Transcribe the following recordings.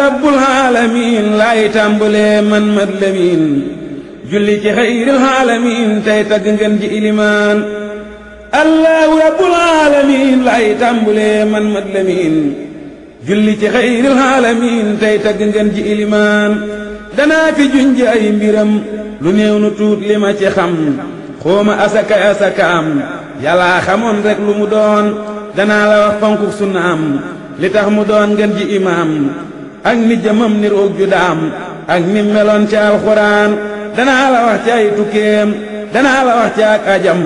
rabbul aalamiin laay tàmbalee man mat lamiin julli ci xayril aalamiin tey tagg ngeen ji ilimaan allahu rabbul aalamiin laay tàmbalee man mat lamiin julli ci xayril aalamiin tey tagg ngeen ji ilimaan danaa fi junj ay mbiram lu néew nu tuut li ma ci xam xooma asakay asakaam yàllaa xamoon rek lu mu doon danaa la wax fonku sunna am li tax mu doon ngeen ji imaam ak ni jëmam ni roog ju daam ak ni meloon ci alxuraan danaa la wax ci tukkeem danaa la wax ci ak ajam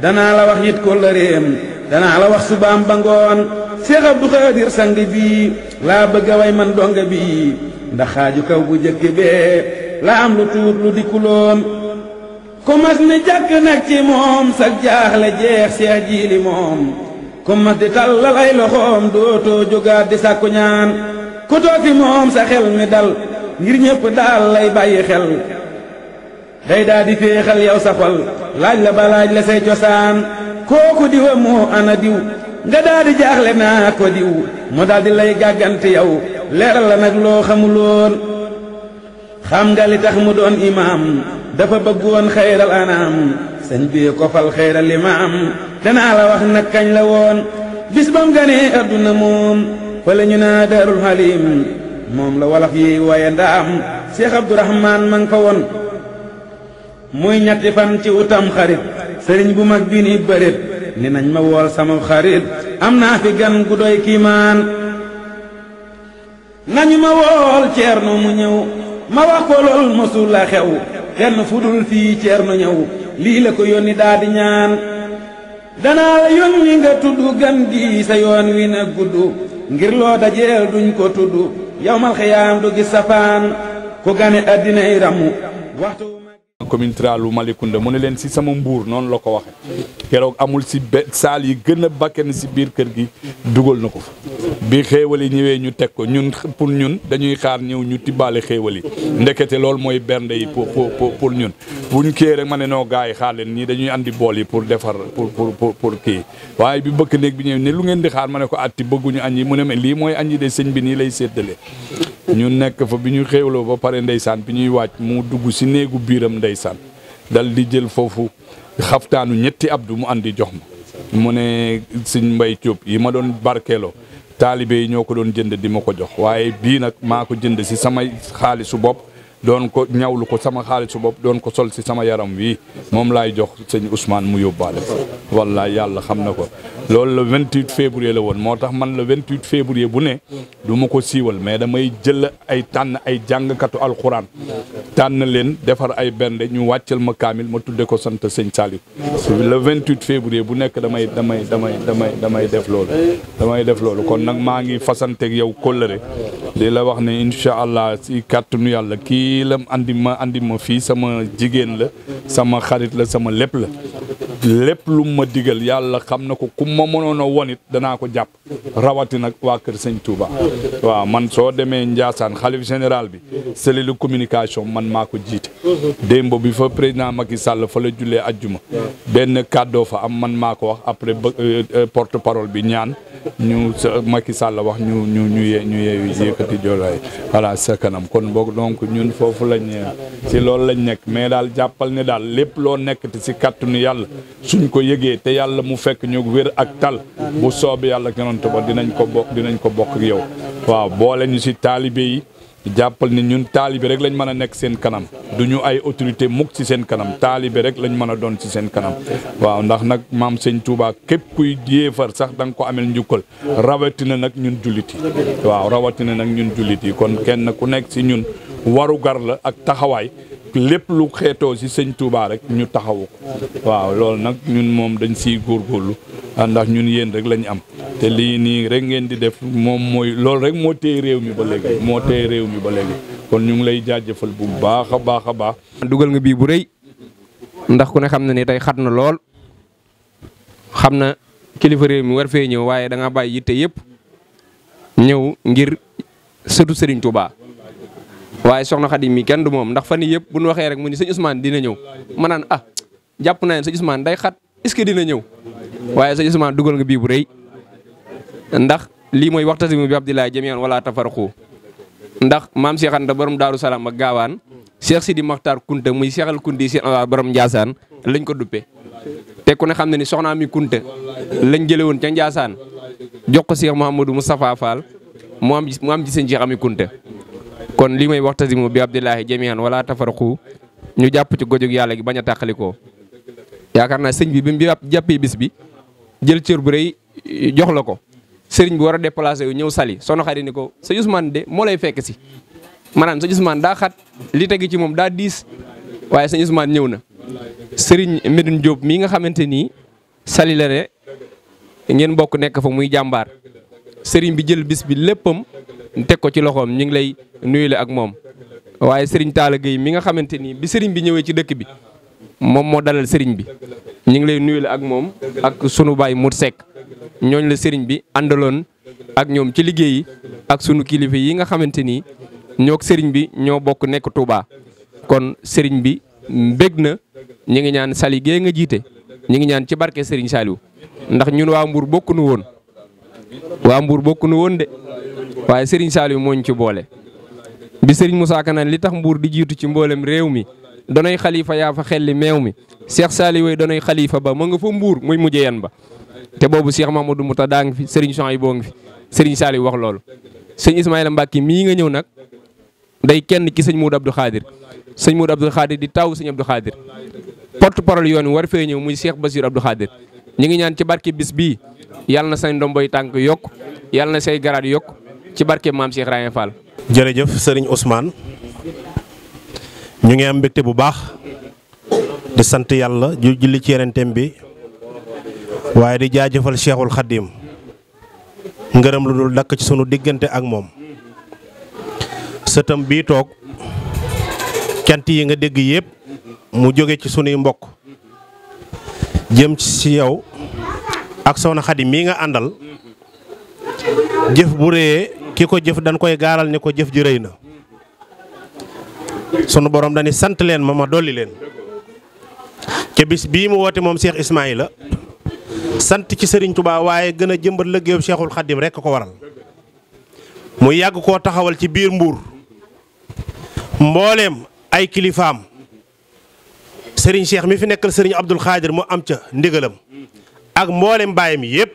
danaa la wax yit kóllëreem danaa la wax subaam ba ngoon Seex Abdu Xaadir sang bii laa bëgg way man donga bii ndax xaaju kaw bu jëkk bee la lu tuut lu dikkuloon ku mas ni jàkk nag ci moom sag jaaxle jeex seex jiili moom ku mas di tàllal ay loxoom dootoo jógaat di sàkku ku toog fi moom sa xel mi dal ngir ñépp daal lay bàyyi xel day daa di féexal yow sa xol laaj la ba laaj la say cosaan kooku diwa moo ana diw nga daa di jaaxle naa ko diw mu daal di lay gàggante yow leeral la nag loo xamuloon xam nga li tax mu doon imaam dafa bëggoon xayral anaam sëñ bi ko fal xayral imaam danaa la wax nag la woon bis bam ganee adduna moom fële ñu naa daarul halim moom la wolof yi waye ndaam Cheikh Abdourahman ma nga fa woon muy ñetti fan ci utam xarit sëriñ bu mag bi ni bërit ni nañ ma wool sama xarit am naa fi gan gu doy kiimaan nañu ma wool ceerno mu ñëw ma wax ko lool mësul la xew fu dul fii ceerno ñëw lii la ko yónni daa ñaan danaa yónni nga tudd gan gi sa yoon wi na gudd ngir loo dajeel duñ ko tudd yawmal xiyaam du gis safaan ku gane àddina yi ramu waxtu commune Tiralu Malicounda mu ne leen si sama mbuur noonu la ko wax keroog amul si be saal yi gën bakken si biir kër gi dugal na ko fa bi xéewal yi ñëwee ñu teg ko ñun pour ñun dañuy xaar ñëw ñu tibbaale xéewal yi ndekete lool mooy bernde yi pour pour pour ñun buñ kii rek ma ne noo gars yi xaar leen ñii dañuy àndi bool yi pour defar pour pour pour kii waaye bi bëkk néeg bi ñëw ne lu ngeen di xaar ma ne ko atti bëgguñu añ yi mu ne ma lii mooy añ yi de sëñ bi nii lay séddale ñu nekk fa bi ñu xéewloo ba pare ndeysaan bi ñuy wàcc mu dugg si néegu biiram ndeysaan dal di jël foofu xaftaanu ñetti abdu mu andi jox ma mu ne Sëñ Mbay Jóob yi ma doon barkeeloo taalibe yi ñoo ko doon jënd di ma ko jox waaye bii nag maa ko jënd si samay xaalisu bopp doon ko ñawlu ko sama xaalisu bopp doon ko sol si sama yaram wi moom laay jox sëñ Ousmane mu yóbbaale ko wallaay yàlla xam na ko loolu le 28 février la woon moo tax man le 28 février bu ne duma ko siiwal mais damay jël ay tànn ay jàngkatu alxuraan tànn leen defar ay bernde ñu wàccel ma kaamil ma tudde ko sant sëñ Saliou le 28 février bu nekk damay damay damay damay damay def loolu damay def loolu kon nag maa ngi fasanteeg yow kóllëre di la wax ne incha allah si kàttanu yàlla kii fii la andi ma andi ma fii sama jigéen la sama xarit la sama lépp la lép lum ma digal yàlla xam na ko ku ma mënoon a danaa ko jàpp rawati nag waa kër sëñ Touba waaw man soo demee Ndiassane xalif général bi cellule communication man maa ko jiite démb bi fa président Macky Sall fa la jullee ajjuma benn kàddoo fa am man maa ko wax après euh, euh, porte parole bi ñaan ñu sa Macky Sall wax ñu ñu ñu ñu yeeyu yëkkati joolaay voilà sa kanam kon boog donc ñun foofu lañ si loolu lañ nekk mais daal jàppal ne daal lépp loo nekk te si kàttanu yàlla suñ ko yëgee te yàlla mu fekk ñu wér ak tal bu soob yàlla yonent ba dinañ ko bokk dinañ ko bokk yow waaw boole ñu si taalibe yi jàppal ni ñun taalibe rek lañ mën a nekk seen kanam du ñu ay autorité mukk ci seen kanam taalibe rek lañ mën a doon ci seen kanam waaw ndax nag maam sëñ Touba képp kuy yéefar sax da nga ko amel njukkal rawatina nag ñun jullit yi waaw rawatina nag ñun jullit yi kon kenn ku nekk ci ñun waru gar la ak taxawaay lépp lu xeetoo ci sëñ Touba rek ñu taxawu ko waaw loolu nag ñun moom dañ siy góorgóorlu Ah, ndax ñun yeen rek la am te lii nii rek ngeen di def moom mooy loolu rek moo téye réew mi ba léegi moo téye réew mi ba léegi kon ñu ngi lay jaajëfal bu baax a baax a baax. dugal nga bii bu rëy ndax ku ne xam na ne tey xat na lool xam na kilifa réew mi war fee ñëw waaye danga nga bàyyi yitte yëpp ñëw ngir sëtu Serigne Touba. waaye soxna Xadim mi kenn du moom ndax fan ni yëpp bu ñu waxee rek mu ni sëñ Ousmane dina ñëw ma naan ah jàpp naa ne sëñ Ousmane day xat est-ce que dina ñëw. waaye sëñ Ousmane dugal nga bii bu rëy ndax lii mooy waxtasimu bi Abdoulaye jamian wala tafarqu ndax maam Cheikh borom Daaru Salaam ak gaawaan Cheikh Sidi Makhtar Kunta muy seexal kunti borom Ndiassane lañ ko duppe te ku ne xam ne ni soxnaa mi lañ jëlee woon ca Ndiassane jox ko Cheikh Mouhamadou Moustapha Fall mu am mu am ci seen Cheikh ami Kunta kon lii mooy waxtasimu bi Abdoulaye jamian wala ñu jàpp ci gojug yàlla gi bañ a tàqalikoo yaakaar naa sëñ bi bi mu jàppee bis bi jël cër bu rëy jox la ko sëriñ bi war a déplacé wu ñëw sali sono xarit ni ko sëñ Ousmane de moo lay fekk si maanaam sëñ Ousmane daa xat li tegi ci moom daa diis waaye sëñ ñëw na sëriñ Medoune Diop mii nga xamante nii sali la ne nekk fa muy jàmbaar sëriñ bi jël bis bi léppam teg ko ci loxoom ñu ngi lay nuyule ak moom waaye sëriñ Talla Gueye mi nga xamante nii bi sëriñ bi ñëwee ci dëkk bi moom moo dalal sëriñ bi ñu ngi lay nuyu ak moom ak sunu baay mut Seck ñooñ la sëriñ bi àndaloon ak ñoom ci liggéey ak sunu kilifa yi nga xamante ni ñoog sëriñ bi ñoo bokk nekk Touba. kon sëriñ bi mbég na ñu ngi ñaan sali gee nga jiite ñu ngi ñaan ci barke sëriñ Saliou ndax ñun waa Mbour bokk nu woon waa Mbour bokk nu woon de waaye sëriñ Saliou moo ñu ci boole bi sëriñ Moussa Kanane li tax mbuur di jiitu ci mboolem réew mi. danay xalifa yaa fa xelli meew mi Cheikh Saliou way danay xalifa ba ma nga fa mbuur muy mujjee yan ba te boobu Cheikh Mamadou Mouta daa ngi fi Serigne Chan yi boo ngi fi Serigne Saliou wax loolu. sëñ Ismaïla Mbacke mii nga ñëw nag day kenn ki sëñ Moudou Abdou Khadir sëñ Moudou Abdou Khadir di taw sëñ Abdou Khadir porte parole yoon war fee ñëw muy Cheikh Basir Abdou Khadir ñu ngi ñaan ci barke bis bii yàlla na say ndomboy tànk yokk yàlla na say garaat yokk ci barke maam Cheikh Rayen jërëjëf Serigne Ousmane. ñu ngi am mbégte bu baax di sant yàlla ju julli ci yeneenteem bi waaye di jaajëfal Cheikhul Khadim ngërëm lu dul dakk ci sunu diggante ak moom sëtam bii toog cant yi nga dégg yépp mu jóge ci sunuy mbokk jëm ci yow ak soxna Xadi mii nga àndal jëf bu réyee ki ko jëf dan koy gaaral ni ko jëf ji rëy na sunu borom dañuy sant leen ma ma dolli leen ca bii mu woote moom Cheikh Ismaïla sant ci sëriñ Touba waaye gën a jëmbat seexul Cheikhul Khadim a ko waral mu yàgg koo taxawal ci biir Mbour mbooleem ay kilifaam sëriñ Cheikh mi fi nekkal sëriñ Abdoul Khadir mu am ca ndigalam ak mbooleem baayam yépp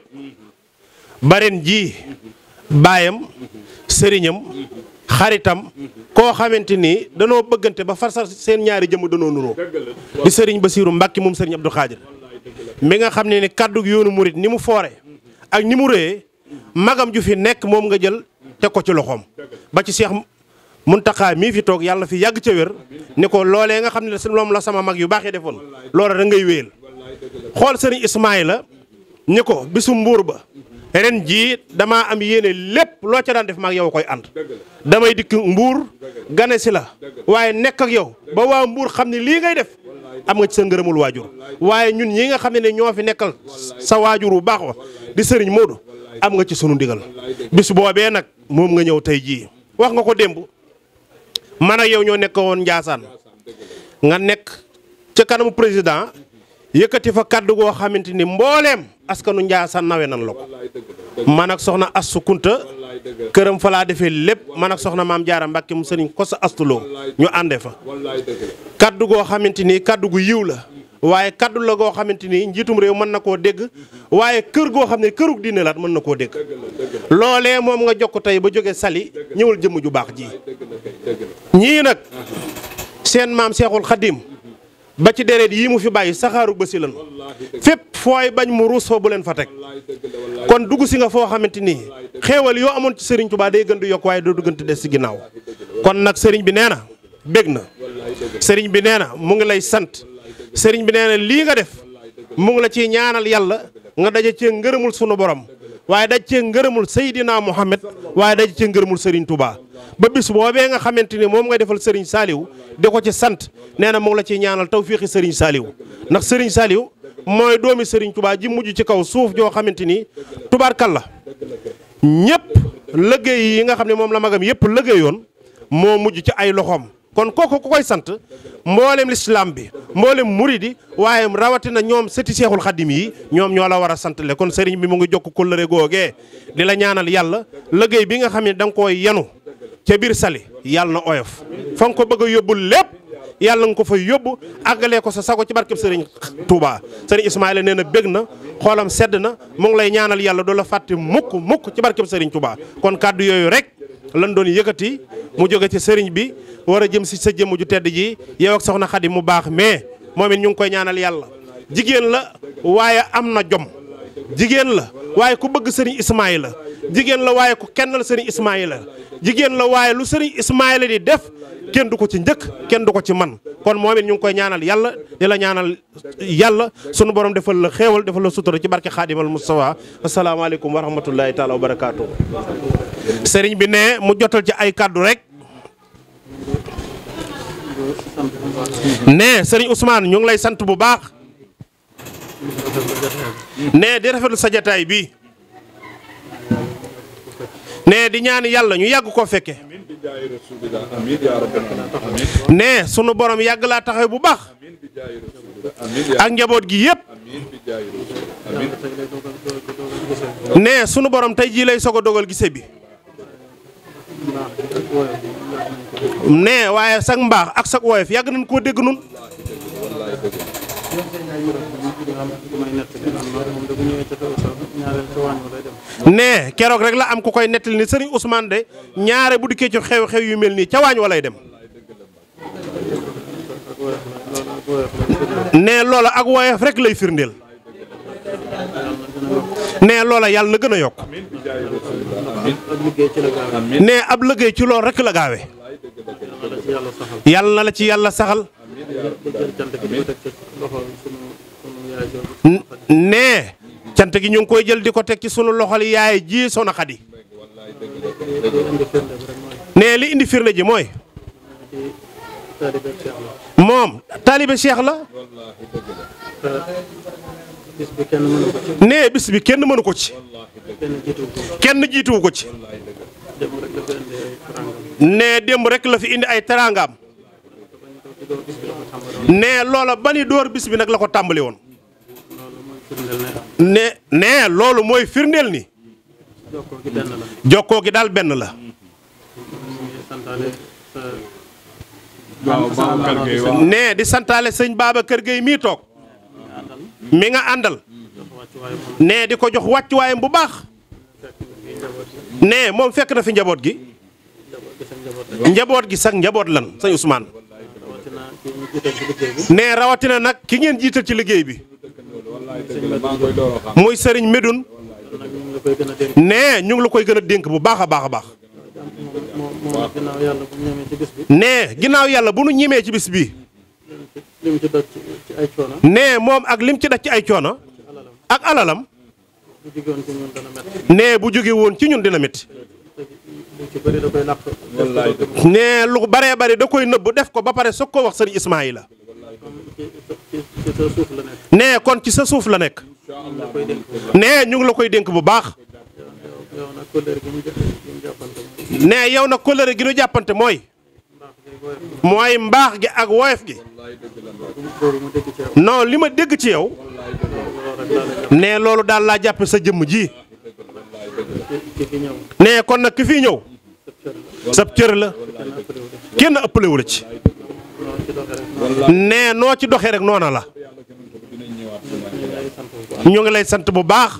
baren ji baayam sëriñam xaritam koo xamante ni danoo bëggante ba far farsal seen ñaari jëmm danoo nuroo di sëriñ Basiiru Mbàkke moom sëriñ Abdou Xaadir mi nga xam ne ni kàddu yoonu murit ni mu foore ak ni mu rëyee magam ju fi nekk moom nga jël teg ko ci loxoom ba ci seex Muntaxa mii fi toog yàlla fi yàgg ca wér ni ko loole nga xam ne loom la sama mag yu baaxee defoon loola da ngay wéyal xool sëriñ la ni ko bisu mbuur ba ren jii damaa am yéene lépp loo ca daan def maak yow koy ànd damay dikk mbuur gane si la waaye nekk ak yow ba waa mbuur xam ne lii ngay def am nga ci sa ngërëmul waajur waaye ñun ñi nga xam ne ñoo fi nekkal sa waajur bu baax wa di sëriñ Modou am nga ci sunu ndigal bis boobee nag moom nga ñëw tey jii wax nga ko démb man ak yow ñoo nekk woon Njaasaan nga nekk ca kanamu président mm-hmm. yëkkati fa kàddu goo xamante ni mbooleem askanu sa nawe nan la ko man ak soxna Astu Kunta këram fa laa defee lépp man ak soxna maam Jaara Mbàkke mu sëriñ Kosa astuloo ñu ànde fa kaddu goo xamante ni kàddu gu yiw la waaye kàddu la goo xamante ni njiitum réew mën na koo dégg waaye kër goo xam ne kërug diine laat mën na koo dégg loolee moom nga ko tey ba jóge sali ñëwal jëmm ju baax ji ñii nag seen maam Seexul Xadim ba ci deret yii mu fi bàyyi saxaaru bësi lan fépp fooy bañ mu ruus fa bu leen fa teg kon dugg si nga foo xamante ni xéewal yoo amoon ci sëriñ tubaa day gën di yokk waaye doo duggante def si ginnaaw kon nag sëriñ bi nee na bég na sëriñ bi nee na mu ngi lay sant sëriñ bi nee na lii nga def mu ngi la ciy ñaanal yàlla nga daje cee ngërëmul sunu borom waaye daj cee ngërëmul Seydina Muhammad waaye daje cee ngërëmul sëriñ Tuubaa ba bis boobee nga xamante ni moom nga defal Serigne Saliou di ko ci sant nee na moom la ciy ñaanal tawféexi sëriñ Saliou ndax Serigne Saliou mooy doomi Serigne Touba ji mujj ci kaw suuf joo xamante ni tubaarkalla ñëpp liggéey yi nga xam ne moom la magam yëpp liggéeyoon moo mujj ci ay loxoom. kon kooku ko koy sant mboolem lislaam bi mboolem muridi waaye rawatina ñoom sëti seexul xadim yi ñoom ñoo la war a santale kon sëriñ bi mu ngi jokk kóllëre googee di la ñaanal yàlla liggéey bi nga xam ne da koy yenu ca biir sali yàlla na oyof fa nga ko bëgg a yóbbul lépp yàlla nga ko fa yóbbu àggalee ko sa sago ci barkeb sëriñ Touba sëriñ Ismaïla nee na bég na xoolam sedd na moo ngi lay ñaanal yàlla doo la fàtte mukk mukk ci barkeb sëriñ Touba kon kàddu yooyu rek lan doon yëkkati mu jóge ci sëriñ bi war a jëm si sa jëmm ju tedd ji yow ak soxna Xadi mu baax mais moom it ñu ngi koy ñaanal yàlla jigéen la waaye am na jom. jigéen la waaye ku bëgg sëriñ Ismaayla jigéen la waaye ku kennal sëriñ Ismaayla jigéen la waaye lu sëriñ Ismaayla di def kenn du ko ci njëkk kenn du ko ci man kon moom it ñu ngi koy ñaanal yàlla di la ñaanal yàlla sunu boroom defal la xeewal defal la sutura ci barke xaadimal Mustafa asalaamaaleykum wa rahmatullahi taala wa barakaatu. sëriñ bi ne mu jotal ci ay kàddu rek. ne sëriñ Ousmane ñu ngi lay sant bu baax. nee di rafetlu sa jataay bi nee di ñaan yàlla ñu yàgg koo fekke nee sunu borom yàgg laa taxaw bu baax ak njaboot gi yépp nee sunu borom tey jii lay soog a dogal gise bi nee waaye sag mbaax ak sag woyof yàgg nañ koo dégg nun ne keroog rek la am ku koy nettali ni sëriñ Ousmane de ñaare bu dikkee ci xew-xew yu mel nii ca waañ walay dem. ne loola ak woyof rek lay firndeel. ne loola yàlla na gën a yokk. ne ab liggéey ci lool rek la gaawe yàlla na la ci yàlla saxal. nee cant gi ñu ngi koy jël di ko teg ci sunu loxol yaay ji Soxna Xadi nee li indi firnde ji mooy moom taalibe Cheikh la nee bis bi kenn mënu ko ci kenn jiituwu ko ci nee démb rek la fi indi ay teraangaam nee loola ba ni door bis bi nag la ko tàmbali woon ne ne loolu mooy firndeel ni. jokkoo gi daal benn la. ne di santaale sëñ kër Gueye mii toog. mi nga àndal. ne di ko jox wàccuwaayam bu baax. ne moom fekk na fi njaboot gi. njaboot gi sax njaboot lan sëñ Ousmane. ne rawatina nag ki ngeen jiital ci liggéey bi. mooy sëriñ Médoune nee ñu ngi la koy gën a dénk bu baax a baax a baax. nee ginnaaw yàlla bu nu ñimee ci bis bi. nee moom ak lim ci daj ci ay coono. ak alalam. nee bu jóge woon ci ñun dina métti. nee lu baree bari da koy nëbb def ko ba pare soog koo wax sëriñ Ismaayila. nee kon ci sa suuf la nekk. nee ñu ngi la koy dénk bu baax. nee yow nag kóllëre gi nu jàppante mooy. mooy mbaax gi ak woyof gi. non li ma dégg ci yow. nee loolu daal laa jàppe sa jëmm ji. nee kon nag ki fii ñëw. sab cër la. kenn ëppalewu la ci. nee noo ci doxee rek noona la ñu ngi lay sant bu baax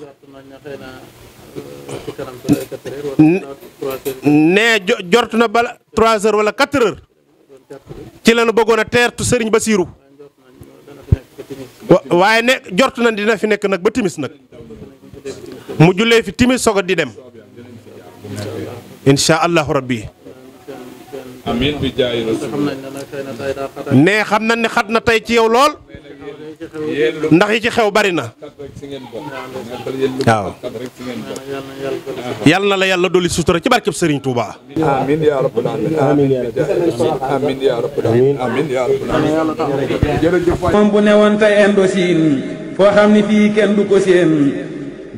nee jort na bala trois heures wala 4 heures ci la nu bëggoon a teertu Serigne Bassirou waaye ne jort na dina fi nekk nag ba timis nag mu jullee fi timis soog a di dem incha allahu rabbi amiin bi jaay ne xam nañ ne xat na tey ci yow lool. ndax yi ci xew bari na. waaw. yal na la yàlla dolli sutura ci barkeb Serigne Touba. amiin yaa rabbal aalamiin amiin yaa rabbal aalamiin amiin yaa rabbal aalamiin jërëjëf waay moom bu newoon tey Indochine foo xam ni fii kenn du ko seen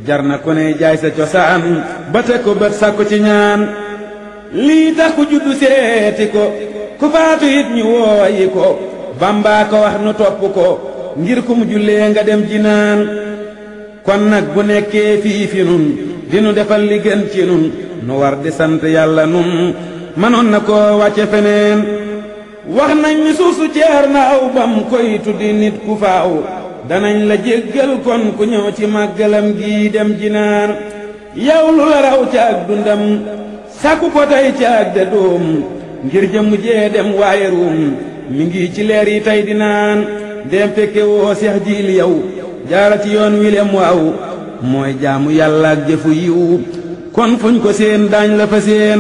jar na ku ne jaay sa cosaan ba teg ko bët sàkku ci ñaan. lii tax ku juddu seeti ko ku faatu it ñu wooyi ko bamba ko wax nu topp ko ngir ku mu jullee nga dem jinaan kon nag bu nekkee fiifi fi nun dinu defal li gën ci nun nu war di sant yàlla nun mënoon na koo wàcce feneen wax nañ ni suuf su ceer na aw bam koy tuddi nit ku faaw danañ la jéggal kon ku ñëw ci màggalam gii dem jinaan yow lu la raw ca dundam sàkku ko tey ci ak de doom ngir mu jee dem waaye ruum mi ngi ci leer yi tey di naan dem fekke woo seex jiil yow jaara ci yoon wilem waaw mooy jaamu yàlla ak jëfu yiw kon fuñ ko seen daañ la fa seen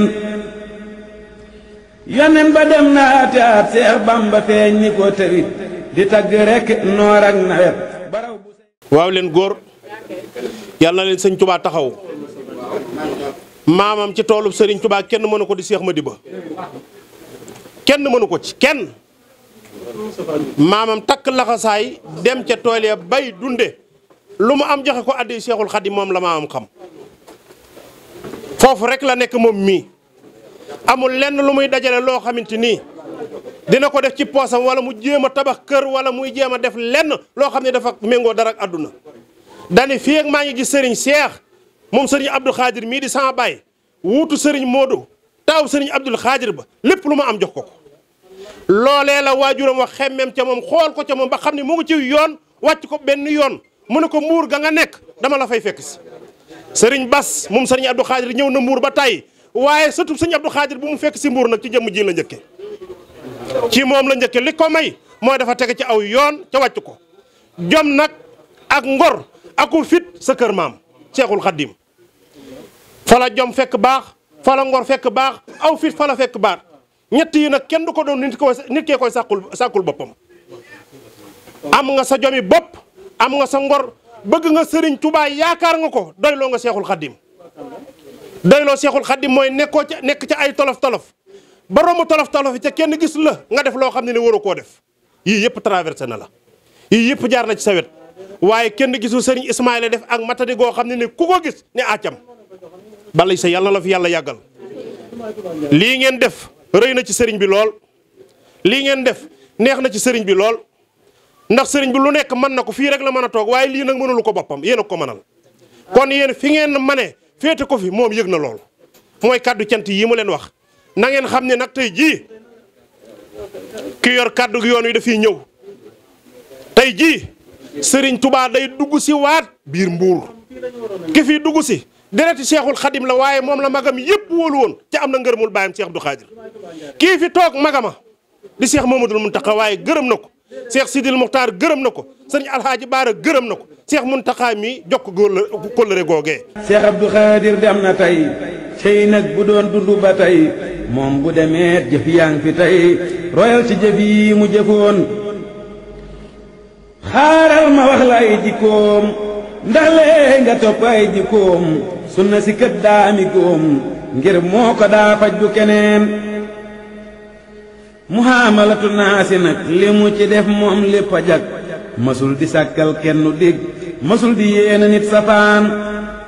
yonen ba dem na ate at seex bamba feeñ ni ko tawit di tagg rekk noor ak nawet waaw leen góor yàlla leen sëñ Tuubaa taxaw maamam ci toolub Serigne Touba kenn mënu ko di Cheikh Madiba kenn mënu ko ci kenn maamam takk laxasaay dem ca tool ya bay dunde lu mu am joxe ko addi Cheikhul Khadim moom la maamam xam foofu rek la nekk moom mii amul lenn lu muy dajale loo xamante nii dina ko def ci poosam wala mu jéem a tabax kër wala muy jéem a def lenn loo xam ne dafa méngoo dara ak àdduna dani fii ak maa ngi gis Serigne Cheikh moom sëriñ Abdou Khadir mii di sama baay wuutu sëriñ Modou taaw sëriñ Abdou Khadir ba lépp lu ma am jox ko ko loolee la waajuram wa xemmem ca moom xool ko ca moom ba xam ni mu ngi ci yoon wàcc ko benn yoon mu ne ko mbuur ga nga nekk dama la fay fekk si. sëriñ Bas moom sëriñ Abdou Khadir ñëw na mbuur ba tey waaye surtout sëriñ Abdou Khadir bu mu fekk si mbuur nag ci jëmm ji la njëkke ci moom la njëkke li ko may mooy dafa tege ci aw yoon ca wàcc ko jom nag ak ngor aku sa kër Seexul Xaddim fa la jom fekk baax fa la ngor fekk baax aw fit fa la fekk baax ñett yi nag kenn du ko doon nit koy nit kee koy sàkkul boppam am nga sa jomi bopp am nga sa ngor bëgg nga sëriñ Tuubaa yaakaar nga ko doyloo nga Seexul Xaddim doyloo Seexul Xaddim mooy nekkoo ca nekk ca ay tolof tolof ba romb tolof tolof yi ca kenn gis la nga def loo xam ne ne waru koo def yii yëpp traversé na la yii yëpp jaar na ci sa wet waaye kenn gisul sëriñ Ismaïla def ak matadi goo xam ne ne ku ko gis ne àccam balay sa yàlla na la fi yàlla yàggal lii ngeen def rëy na ci sëriñ bi lool lii ngeen def neex na ci sëriñ bi lool ndax sëriñ bi lu nekk mën na ko fii rek la mën a toog waaye lii nag mënulu ko boppam yéen a ko mënal kon yéen fi ngeen mane féete ko fi moom yëg na lool mooy kàddu cant yii mu leen wax nangeen xam ne nag tey jii ki yor kàddu yoon wi dafiy ñëw tey jii sëriñ tubaa day dugg si waat biir mbuur ki fi dugg si dereti seexul xadim la waaye moom la magam yëpp wóolu woon ca am na ngërëmul baayam Seex Abdu Xaadir kii fi toog magama di Seex Mamadul Muntaxa waaye gërëm na ko Seex Sidil Muxtaar gërëm na ko sëriñ Alxaaji Baara gërëm na ko Seex Muntaxa mi jokk góor la kóllëre googee Seex Abdu Xaadir dem na tey tey nag bu doon dund ba tey moom bu demee jëf yaa fi tey royal ci jëf yi mu jëfoon xaaral ma wax jikkoom ndax lee nga topp jikkoom sunna si kët ngir moo daa faj bu keneen muhaamalatu naa si nag li mu def moom lépp a jag di sàkkal kenn dig masul di yéena safaan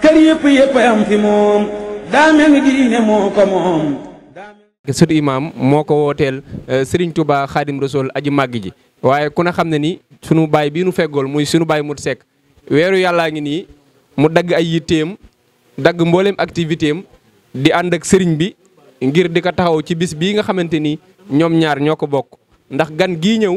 kër yëpp yëpp fi moom daa mel ni diine moo ko moom sët imaam moo wooteel eh, Serigne Touba Xaadim Rasuul aji màgg ji waaye ku ne xam ne ni sunu baay bii nu feggool muy sunu baay mut sekk weeru yàllaa ngi nii mu dagg ay yitteem dagg mboolem activité am di ànd ak sëriñ bi ngir di ko taxaw ci bis bii nga xamante ni ñoom ñaar ñoo ko bokk ndax gan gii ñëw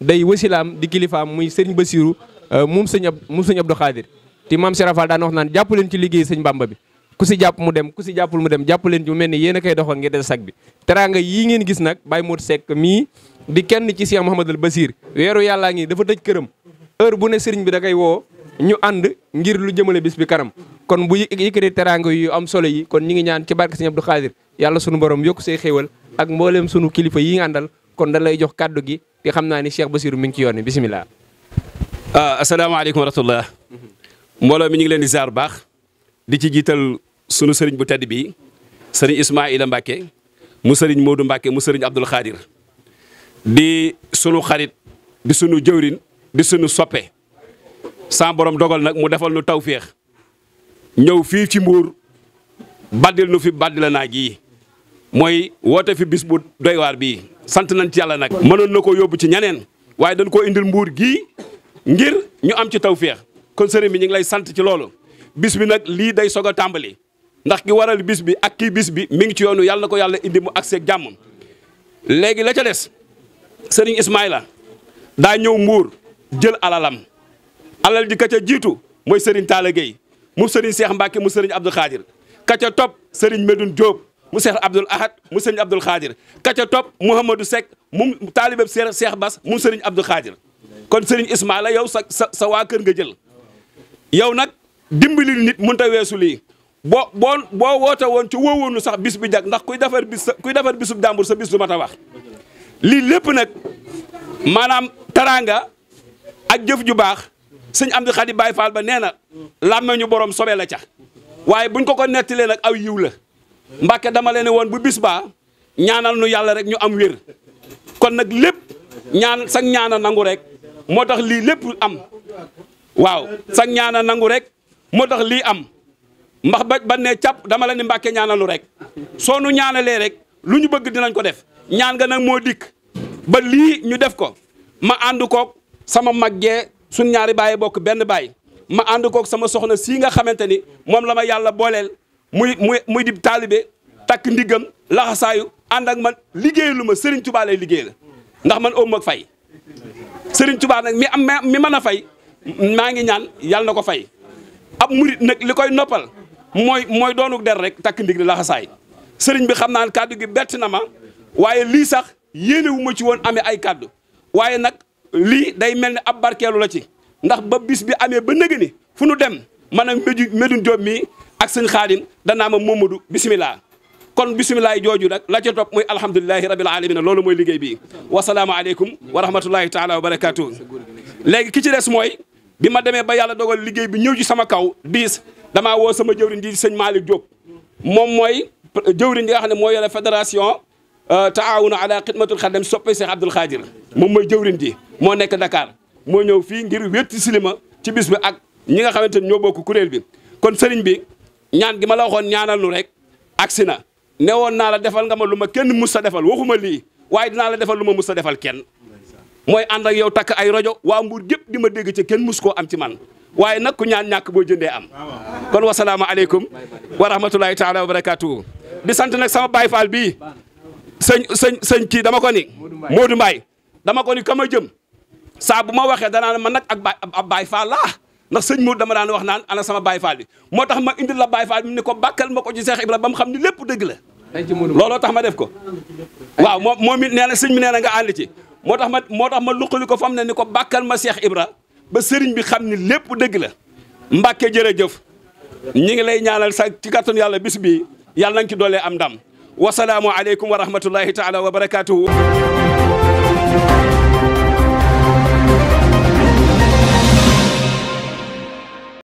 day wasilaam di kilifaam muy sëriñ Basiiru euh, moom sëñ ab moom sëñ Abdou Xaadir te maam Serafal daan wax naan jàpp leen ci liggéey sëñ Bàmba bi ku si jàpp mu dem ku si jàppul mu dem jàpp leen ci mu mel ni yéen a koy doxal ngir des sag bi teraanga yii ngeen gis nag Baye Modou sekk mii di kenn ci Cheikh Mouhamadul Basir weeru yàllaa ngi dafa tëj këram heure bu ne sëriñ bi da koy woo ñu ànd ngir lu jëmale bis bi kanam kon bu yëkkati teraanga yu am solo yi kon ñu ngi ñaan ci barke Sëriñ Abdou Khadir yàlla sunu borom yokku see xéewal ak mbooleem sunu kilifa yi àndal kon da lay jox kàddu gi te xam naa ni Cheikh Basir mi ngi ci yoon bisimilah. Ah, asalaamaaleykum wa rahmatulah. mbooloo mi ñu ngi leen di ziar baax di ci jiital sunu sëriñ bu tedd bii sëriñ Ismaïla Mbacke mu sëriñ Modou Mbacke mu sëriñ Abdoul Khadir di sunu xarit di sunu jëwrin di sunu soppe sans borom dogal nag mu defal nu tawféex ñëw fii ci mbuur baddil nu fi baddila naa gii mooy woote fi bis bu doy waar bii sant nañ ci yàlla nag. mënoon na ko yóbbu ci ñeneen waaye dañ koo indil mbuur gii ngir ñu am ci tawféex kon sëriñ bi ñu ngi lay sant ci loolu. bis bi nag lii day soog a tàmbali ndax ki waral bis bi ak kii bis bi mi ngi ci yoonu yàlla na ko yàlla indi mu agsi ak jàmm léegi la ca des sëriñ Ismaïla daa ñëw mbuur jël alalam alal ji ka ca jiitu mooy sëriñ Talla Gueye mu sëriñ Cheikh Mbacke mu sëriñ Abdou Khadir ka ca topp sëriñ Medoune Diop mu Cheikh Abdoul Ahad mu sëriñ Abdoul Khadir kaca ca topp Mouhamadou Seck mu taalibeb Cheikh Cheikh Bass mu sëriñ Abdou Khadir kon sëriñ Ismaïla yow sa sa sa waa kër nga jël yow nag. dimbalil nit mun ta weesu lii boo boo boo woote woon ci woowoonu sax bis bi jag ndax kuy defar bis kuy defar bisub jàmbur sa bis du mat a wax lii lépp nag maanaam taraanga ak jëf ju baax sëñ Amdi Xadi Baay Faal ba nee na làmmeñu borom sobe la ca waaye buñ ko ko nettalee nag aw yiw la Mbàkke dama leen woon bu bis baa ñaanal nu yàlla rek ñu am wér kon nag lépp ñaan sag ñaana nangu rek moo tax lii lépp am waaw sag ñaana nangu rek moo tax lii am ndax ba ba ne càpp dama la ni Mbàkke ñaanalu rek soo nu ñaanalee rek lu ñu bëgg dinañ ko def ñaan nga nag moo dikk ba lii ñu def ko ma ànd koog sama maggee su ñaari baay bokk benn baay ma ànd kook sama soxna sii nga xamante ni moom la ma yàlla booleel muy muy muy di taalibe takk ndiggam laxasaayu ànd ak man liggéey lu ma Serigne Touba liggéey la ndax man ëmm ak fay sëriñ Touba nag mi am mi mën a fay maa ngi ñaan yàlla na ko fay. ab murit nag li koy noppal mooy mooy doonuk der rek takk ndig laxasaay sëriñ bi xam naa ne kàddu gi bett na ma waaye lii sax yéene wu ma ci woon amee ay kàddu waaye nag lii day mel ni ab barkeelu la ci ndax ba bis bi amee ba nëgë ni fu nu dem man ak médu médun Jóob mii ak sëñ Xaadim danaa ma Momadou bisimilah kon bisimilah jooju nag la ca topp muy alhamdulilahi rabil alamina loolu mooy liggéey bii wasalaamualeykum wa rahmatullahi taala wa barakaatu léegi ki ci des mooy bi ma demee ba yàlla dogal liggéey bi ñëw ji sama kaw biis damaa woo sama jëwriñ di sëñ Malick Diop moom mooy jëwrin bi xam ne moo yore fédération euh, taawuna ala xidmatul xadem soppe Cheikh Abdoul Khadir moom mooy jëwriñ ji moo nekk Dakar moo ñëw fii ngir wétti silima ci bis bi ak ñi nga xamante ni ñoo bokk kuréel bi kon sëriñ bi ñaan gi ma la waxoon ñaanal nu rek si na newoon naa la defal nga ma lu ma kenn mus sa defal waxuma lii waaye dinaa la defal lu ma mus sa defal kenn mooy ànd ak yow takk ay rajo waa Mbour gépp di ma dégg ci kenn mus koo am ci man waaye nag ku ñaan ñàkk boo jëndee am kon wasalaama aleykum wa rahmatulahi taala wa barakaatuhu di sant nag sama baay faal bii sëñ sëñ sëñ kii dama ko ni Modou mbaay dama ko ni kama jëm saa bu ma waxee danaa ma nag ak baay ab baay faal laa ndax sëñ Modou dama daan wax naan ana sama baay faal bi moo tax ma indi la baay faal bi ni ko bàkkal ma ko ci Seex Ibra ba mu xam ni lépp dëgg la looloo tax ma def ko waaw moom moom it na sëñ mi nee na nga ànd ci moo tax ma moo tax ma luqali ko fam ne ni ko bàkkal ma seex Ibra ba sëriñ bi xam ni lépp dëgg la Mbàkke jërëjëf ñi ngi lay ñaanal sa ci kàttanu yàlla bis bi yàlla na nga ci doolee am ndam wasalaamu aleykum wa rahmatullahi taala wa barakaatuhu